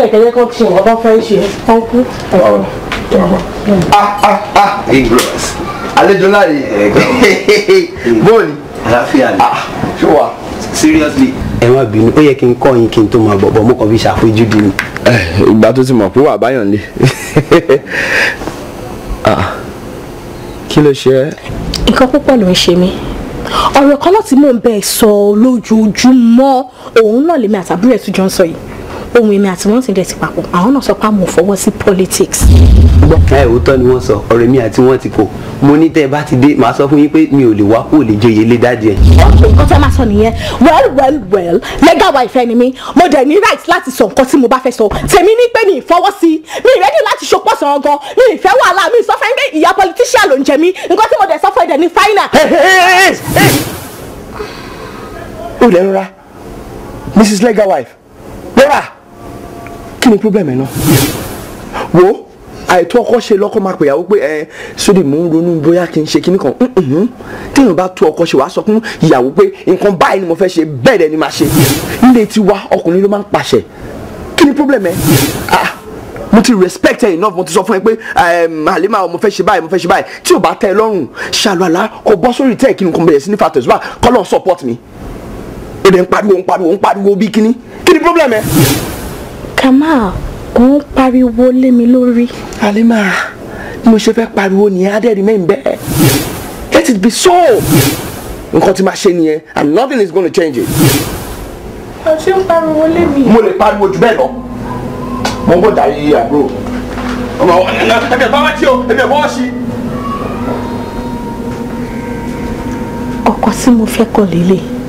dálẹ̀ kẹ́jẹ́ kan ṣe nǹkan tó fẹ́ ṣe ọ̀nkú. ah ah ah ignorance àlejò láre bóòlì àlàáfíà ni ah, ṣó wa seriously. ẹ má bínú ó yẹ kí n kọ́ yín kí n tó máa bọ̀ bọ̀ mo kàn fi ṣàpèjú di ni. Eh, ìgbà tó ti mọ̀ pé wà báyọ̀ nílé ah, kí ló ṣe é. nǹkan púpọ̀ ló ń ṣe mí ọ̀rọ̀ kan láti mò ń bẹ́ẹ̀ sọ lójoojúmọ́ òun náà lèmi àtàbúrò ẹ̀ jọ ń sọ yìí ohun èmi àti wọn ti dẹ̀ ti papọ̀ àwọn náà sọ pé àwọn fọwọ́ sí politics. ẹ òótọ́ ni wọ́n sọ ọ̀rọ̀ mi àti wọ́n ti kò mo ní tẹ́ ẹ bá ti dé màá sọ fún yín pé mi ò lè wá kó lè joyè lé dájú ẹ. nǹkan tó máa sọ nìyẹn well well well legal wife ẹni mi mo dẹ̀ ní right láti sọ nǹkan tí mo bá fẹ́ sọ tèmi ní pé mi ìfọwọ́sí mi ìrẹ́dì láti ṣopọ̀ sọ̀rọ̀ gan mi ìfẹ́ wàhálà mi ìsọfẹ́ ń gbé ìyá politician ló ń jẹ mí nǹkan tí mo dẹ̀ sọ fún ẹ̀dẹ̀ ní fáínà. ó lè rọra Mrs. legal wife rọra kí ni problem ẹ náà wo àìtó ọkọ ṣe lọ́kọ́ máa pèyàwó pé ẹ sódì mò ń ronú bóyá kí n ṣe kíní kan téèyàn bá tó ọkọ ṣe wàá sọ fún ìyàwó pé nǹkan báyìí ni mo fẹ́ ṣe bẹ́ẹ̀ dẹ̀ ni màá ṣe nílé tiwa ọkùnrin ló máa ń pàṣẹ kí ni problem ẹ ah mo ti respect ẹ enough mo ti sọ fún ẹ pé àlema mo fẹ́ ṣe báyìí mo fẹ́ ṣe báyìí tí o bá tẹ́ ẹ lọ́rùn ṣàlùwàlà kò bọ́ sórí tẹ́ kí ni kò bẹ̀rẹ̀ sí ní factors wa kọ́ lọ́n support mi èdè ń pariwo ń pariwo ń pariwo bí kíní kí ni problem ẹ. Kamal òun pariwo lé mi lórí. Halima mo ṣe fẹ́ pariwo nìyẹn adẹ́rìí mẹ́rin bẹ́ẹ̀ let it be so nǹkan tí máa ṣe nìyẹn and nothing is gonna change it. o ṣe ń pariwo lé mi. mo lè pariwo jù bẹ́ẹ̀ lọ mo ń bọ̀ darí àbúrò ọmọ ẹbí ẹ̀fọ́ wá sí o ẹbí ẹ̀fọ́ wá sí. ọkọ tí mo fẹ́ kọ̀ lélẹ̀.